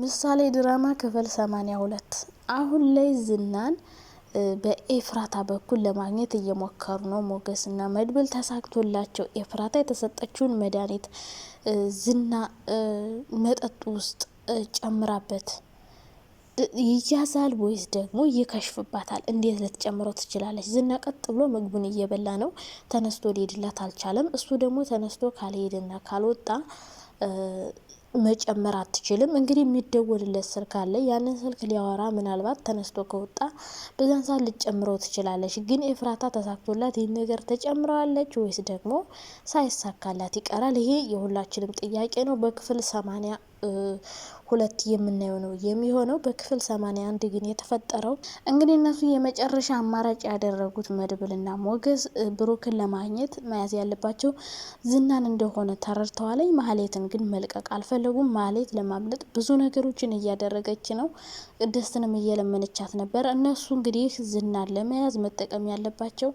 ምሳሌ ድራማ ክፍል ሁለት አሁን ላይ ዝናን በኤፍራታ በኩል ለማግኘት እየሞከሩ ነው። ሞገስ እና መድብል ተሳክቶላቸው ኤፍራታ የተሰጠችውን መድኃኒት ዝና መጠጥ ውስጥ ጨምራበት ይያዛል ወይስ ደግሞ ይከሽፍባታል? እንዴት ልትጨምረው ትችላለች? ዝና ቀጥ ብሎ ምግቡን እየበላ ነው። ተነስቶ ሊሄድላት አልቻለም። እሱ ደግሞ ተነስቶ ካልሄድና ካልወጣ መጨመር አትችልም። እንግዲህ የሚደወልለት ስልክ አለ። ያንን ስልክ ሊያወራ ምናልባት ተነስቶ ከወጣ በዛን ሰዓት ልትጨምረው ትችላለች። ግን ኤፍራታ ተሳክቶላት ይህ ነገር ተጨምረዋለች ወይስ ደግሞ ሳይሳካላት ይቀራል? ይሄ የሁላችንም ጥያቄ ነው። በክፍል ሰማንያ ሁለት የምናየው ነው የሚሆነው። በክፍል 81 ግን የተፈጠረው እንግዲህ እነሱ የመጨረሻ አማራጭ ያደረጉት መድብልና ሞገስ ብሩክን ለማግኘት መያዝ ያለባቸው ዝናን እንደሆነ ተረድተዋለኝ። ማህሌትን ግን መልቀቅ አልፈለጉም። ማህሌት ለማምለጥ ብዙ ነገሮችን እያደረገች ነው። ደስትንም እየለመነቻት ነበር። እነሱ እንግዲህ ዝናን ለመያዝ መጠቀም ያለባቸው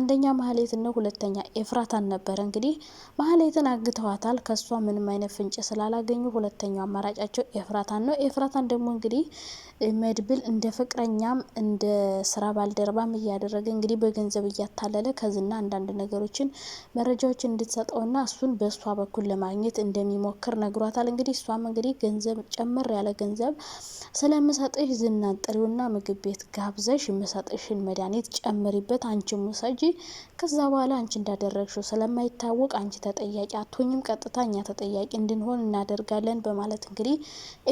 አንደኛ ማህሌትን ነው፣ ሁለተኛ ኤፍራታን ነበር። እንግዲህ ማህሌትን አግተዋታል። ከሷ ምንም አይነት ፍንጭ ስላላገኙ ሁለተኛው አማራጫቸው ኤፍራታን ነው። ኤፍራታን ደግሞ እንግዲህ መድብል እንደ ፍቅረኛም እንደ ስራ ባልደረባም እያደረገ እንግዲህ በገንዘብ እያታለለ ከዝና አንዳንድ ነገሮችን መረጃዎችን እንድትሰጠውና እሱን በእሷ በኩል ለማግኘት እንደሚሞክር ነግሯታል። እንግዲህ እሷም እንግዲህ ገንዘብ ጨምር ያለ ገንዘብ ስለምሰጥሽ ዝናን ጥሪውና ምግብ ቤት ጋብዘሽ የምሰጥሽን መድኃኒት ጨምሪበት፣ አንቺ ሙሰጂ። ከዛ በኋላ አንቺ እንዳደረግሽው ስለማይታወቅ አንቺ ተጠያቂ አትሆኝም፣ ቀጥታ እኛ ተጠያቂ እንድንሆን እናደርጋለን በማለት እንግዲህ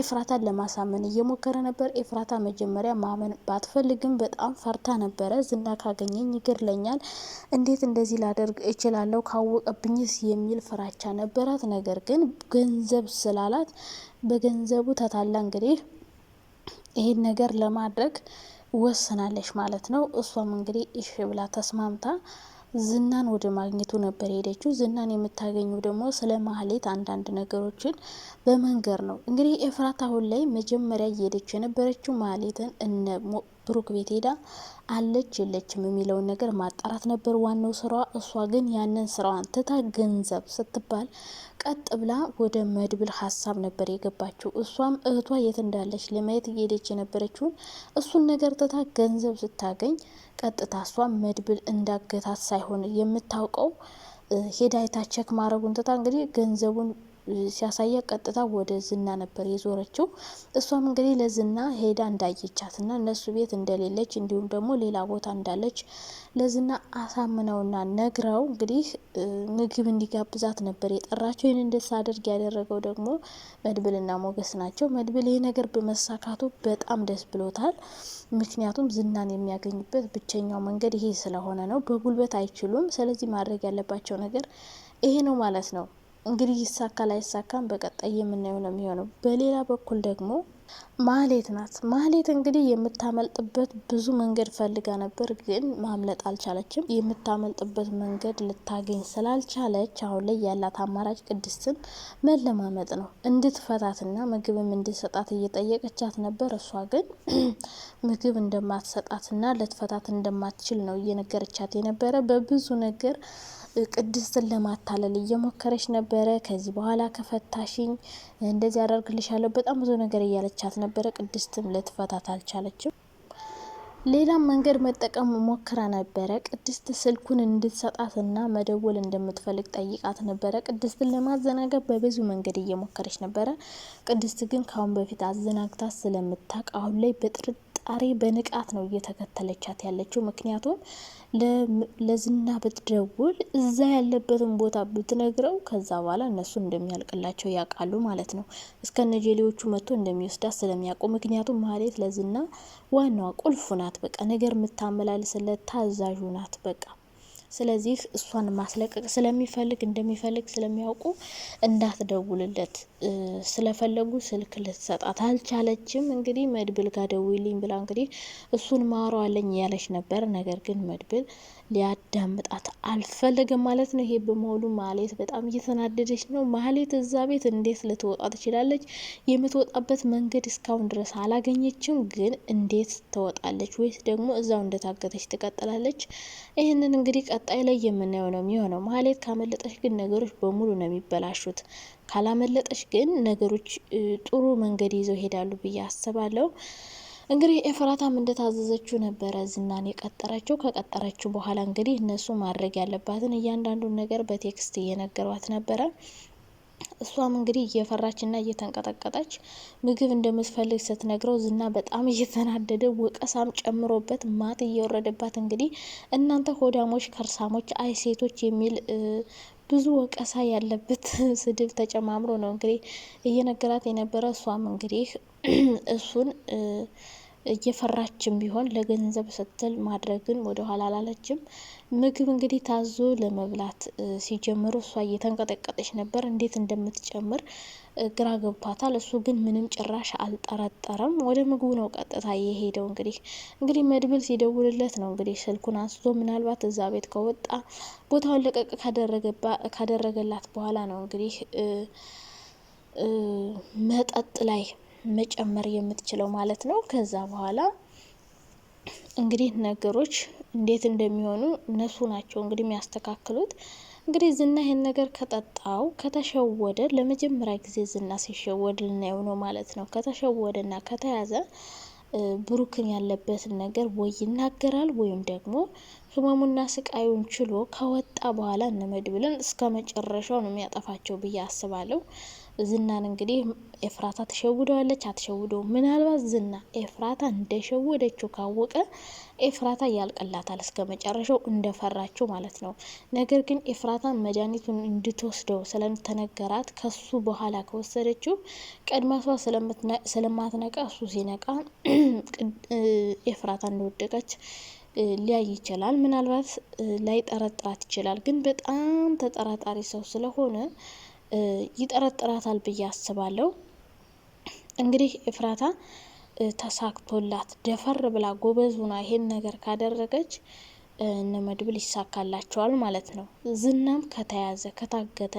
ኤፍራታን ለማሳመን እየሞከረ ነበር። ኤፍራታ መጀመሪያ ማመን ባትፈልግም በጣም ፈርታ ነበረ። ዝና ካገኘኝ ይገድለኛል፣ እንዴት እንደዚህ ላደርግ እችላለሁ ካወቀብኝስ የሚል ፍራቻ ነበራት። ነገር ግን ገንዘብ ስላላት በገንዘቡ ተታላ እንግዲህ ይሄን ነገር ለማድረግ ወስናለች ማለት ነው። እሷም እንግዲህ እሺ ብላ ተስማምታ ዝናን ወደ ማግኘቱ ነበር የሄደችው። ዝናን የምታገኘው ደግሞ ስለ ማህሌት አንዳንድ ነገሮችን በመንገር ነው። እንግዲህ ኤፍራት አሁን ላይ መጀመሪያ እየሄደች የነበረችው ማህሌትን እነ ብሩክ ቤት ሄዳ አለች የለችም የሚለውን ነገር ማጣራት ነበር ዋናው ስራዋ። እሷ ግን ያንን ስራዋን ትታ ገንዘብ ስትባል ቀጥ ብላ ወደ መድብል ሀሳብ ነበር የገባችው። እሷም እህቷ የት እንዳለች ለማየት እየሄደች የነበረችውን እሱን ነገር ትታ ገንዘብ ስታገኝ ቀጥታ እሷ መድብል እንዳገታት ሳይሆን የምታውቀው ሄዳይታ ቸክ ማድረጉን ትታ እንግዲህ ገንዘቡን ሲያሳያ ቀጥታ ወደ ዝና ነበር የዞረችው። እሷም እንግዲህ ለዝና ሄዳ እንዳየቻትና እነሱ ቤት እንደሌለች እንዲሁም ደግሞ ሌላ ቦታ እንዳለች ለዝና አሳምነውና ነግረው እንግዲህ ምግብ እንዲጋብዛት ነበር የጠራቸው። ይህን እንድታደርግ ያደረገው ደግሞ መድብልና ሞገስ ናቸው። መድብል ይህ ነገር በመሳካቱ በጣም ደስ ብሎታል። ምክንያቱም ዝናን የሚያገኙበት ብቸኛው መንገድ ይሄ ስለሆነ ነው። በጉልበት አይችሉም። ስለዚህ ማድረግ ያለባቸው ነገር ይሄ ነው ማለት ነው። እንግዲህ ይሳካል አይሳካም በቀጣይ የምናየው ነው የሚሆነው። በሌላ በኩል ደግሞ ማህሌት ናት። ማህሌት እንግዲህ የምታመልጥበት ብዙ መንገድ ፈልጋ ነበር፣ ግን ማምለጥ አልቻለችም። የምታመልጥበት መንገድ ልታገኝ ስላልቻለች አሁን ላይ ያላት አማራጭ ቅድስትን መለማመጥ ነው። እንድትፈታትና ምግብም እንድትሰጣት እየጠየቀቻት ነበር። እሷ ግን ምግብ እንደማትሰጣትና ልትፈታት እንደማትችል ነው እየነገረቻት የነበረ በብዙ ነገር ቅድስትን ለማታለል እየሞከረች ነበረ። ከዚህ በኋላ ከፈታሽኝ እንደዚህ አደርግልሻለሁ በጣም ብዙ ነገር እያለቻት ነበረ። ቅድስትም ልትፈታት አልቻለችም። ሌላም መንገድ መጠቀም ሞክራ ነበረ። ቅድስት ስልኩን እንድትሰጣት መደወል እንደምትፈልግ ጠይቃት ነበረ። ቅድስትን ለማዘናገብ በብዙ መንገድ እየሞከረች ነበረ። ቅድስት ግን ከአሁን በፊት አዘናግታት ስለምታቅ አሁን ላይ በጥርት ፈጣሪ በንቃት ነው እየተከተለቻት ያለችው። ምክንያቱም ለዝና ብትደውል እዛ ያለበትን ቦታ ብትነግረው ከዛ በኋላ እነሱ እንደሚያልቅላቸው ያውቃሉ ማለት ነው። እስከ ነጀሌዎቹ መጥቶ እንደሚወስዳት ስለሚያውቁ፣ ምክንያቱም ማለት ለዝና ዋናዋ ቁልፉ ናት። በቃ ነገር የምታመላልስለት ታዛዡ ናት። በቃ ስለዚህ እሷን ማስለቀቅ ስለሚፈልግ እንደሚፈልግ ስለሚያውቁ እንዳትደውልለት ስለፈለጉ ስልክ ልትሰጣት አልቻለችም። እንግዲህ መድብል ጋር ብላ እንግዲህ እሱን ማረዋለኝ እያለች ነበር። ነገር ግን መድብል ሊያዳምጣት አልፈለገም ማለት ነው። ይሄ በመሆኑ ማሌት በጣም እየተናደደች ነው። ማሌት እዛ ቤት እንዴት ልትወጣ ትችላለች? የምትወጣበት መንገድ እስካሁን ድረስ አላገኘችም። ግን እንዴት ትወጣለች? ወይስ ደግሞ እዛው እንደታገተች ትቀጥላለች? ይህንን እንግዲህ ቀጣይ ላይ የምናየው ነው የሚሆነው። ማህሌት ካመለጠች ግን ነገሮች በሙሉ ነው የሚበላሹት። ካላመለጠች ግን ነገሮች ጥሩ መንገድ ይዘው ይሄዳሉ ብዬ አስባለሁ። እንግዲህ ኤፍራታም እንደታዘዘችው ነበረ ዝናን የቀጠረችው። ከቀጠረችው በኋላ እንግዲህ እነሱ ማድረግ ያለባትን እያንዳንዱን ነገር በቴክስት እየነገሯት ነበረ። እሷም እንግዲህ እየፈራችና እየተንቀጠቀጠች ምግብ እንደምትፈልግ ስትነግረው ዝና በጣም እየተናደደ ወቀሳም ጨምሮበት ማት እየወረደባት እንግዲህ እናንተ ሆዳሞች፣ ከርሳሞች፣ አይሴቶች የሚል ብዙ ወቀሳ ያለበት ስድብ ተጨማምሮ ነው እንግዲህ እየነገራት የነበረ እሷም እንግዲህ እሱን እየፈራችም ቢሆን ለገንዘብ ስትል ማድረግን ወደኋላ አላለችም። ምግብ እንግዲህ ታዞ ለመብላት ሲጀምሩ እሷ እየተንቀጠቀጠች ነበር፣ እንዴት እንደምትጨምር ግራ ገብቷታል። እሱ ግን ምንም ጭራሽ አልጠረጠረም። ወደ ምግቡ ነው ቀጥታ የሄደው። እንግዲህ እንግዲህ መድብል ሲደውልለት ነው እንግዲህ ስልኩን አንስቶ ምናልባት እዛ ቤት ከወጣ ቦታውን ለቀቅ ካደረገላት በኋላ ነው እንግዲህ መጠጥ ላይ መጨመር የምትችለው ማለት ነው። ከዛ በኋላ እንግዲህ ነገሮች እንዴት እንደሚሆኑ እነሱ ናቸው እንግዲህ የሚያስተካክሉት። እንግዲህ ዝና ይህን ነገር ከጠጣው ከተሸወደ፣ ለመጀመሪያ ጊዜ ዝና ሲሸወድ ልናየው ነው ማለት ነው። ከተሸወደና ከተያዘ ብሩክን ያለበትን ነገር ወይ ይናገራል ወይም ደግሞ ህመሙና ስቃዩን ችሎ ከወጣ በኋላ እነ እስከ መጨረሻው ነው የሚያጠፋቸው ብዬ አስባለሁ። ዝናን እንግዲህ ኤፍራታ ተሸውደዋለች አትሸውደው? ምናልባት ዝና ኤፍራታ እንደሸወደችው ካወቀ ኤፍራታ ያልቅላታል እስከ መጨረሻው እንደፈራችው ማለት ነው። ነገር ግን ኤፍራታ መድኃኒቱን እንድትወስደው ስለተነገራት ከሱ በኋላ ከወሰደችው ቀድማሷ ስለማትነቃ እሱ ሲነቃ ኤፍራታ እንደወደቀች ሊያይ ይችላል። ምናልባት ላይጠረጥራት ይችላል። ግን በጣም ተጠራጣሪ ሰው ስለሆነ ይጠረጥራታል ብዬ አስባለሁ። እንግዲህ ኤፍራታ ተሳክቶላት ደፈር ብላ ጎበዝ ሆና ይሄን ነገር ካደረገች እነ መድብል ይሳካላቸዋል ማለት ነው። ዝናም ከተያዘ ከታገተ፣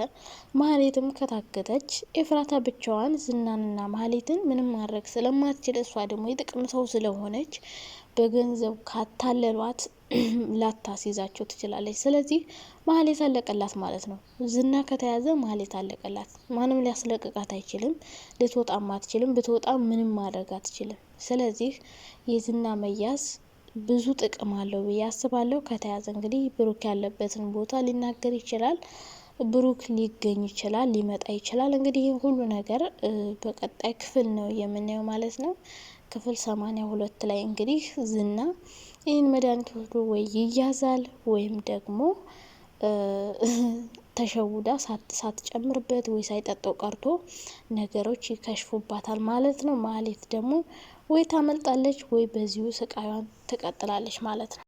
ማህሌትም ከታገተች ኤፍራታ ብቻዋን ዝናንና ማህሌትን ምንም ማድረግ ስለማትችል እሷ ደግሞ የጥቅም ሰው ስለሆነች በገንዘብ ካታለሏት ላታስይዛቸው ትችላለች። ስለዚህ ማህሌት አለቀላት ማለት ነው። ዝና ከተያዘ ማህሌት አለቀላት። ማንም ሊያስለቅቃት አይችልም። ልትወጣም አትችልም። ብትወጣ ምንም ማድረግ አትችልም። ስለዚህ የዝና መያዝ ብዙ ጥቅም አለው ብዬ አስባለሁ። ከተያዘ እንግዲህ ብሩክ ያለበትን ቦታ ሊናገር ይችላል። ብሩክ ሊገኝ ይችላል፣ ሊመጣ ይችላል። እንግዲህ ይህ ሁሉ ነገር በቀጣይ ክፍል ነው የምናየው ማለት ነው። ክፍል ሰማንያ ሁለት ላይ እንግዲህ ዝና ይህን መድኃኒት ወስዶ ወይ ይያዛል ወይም ደግሞ ተሸውዳ ሳትጨምርበት ወይ ሳይጠጣው ቀርቶ ነገሮች ይከሽፉባታል ማለት ነው። ማህሌት ደግሞ ወይ ታመልጣለች ወይ በዚሁ ስቃዩን ትቀጥላለች ማለት ነው።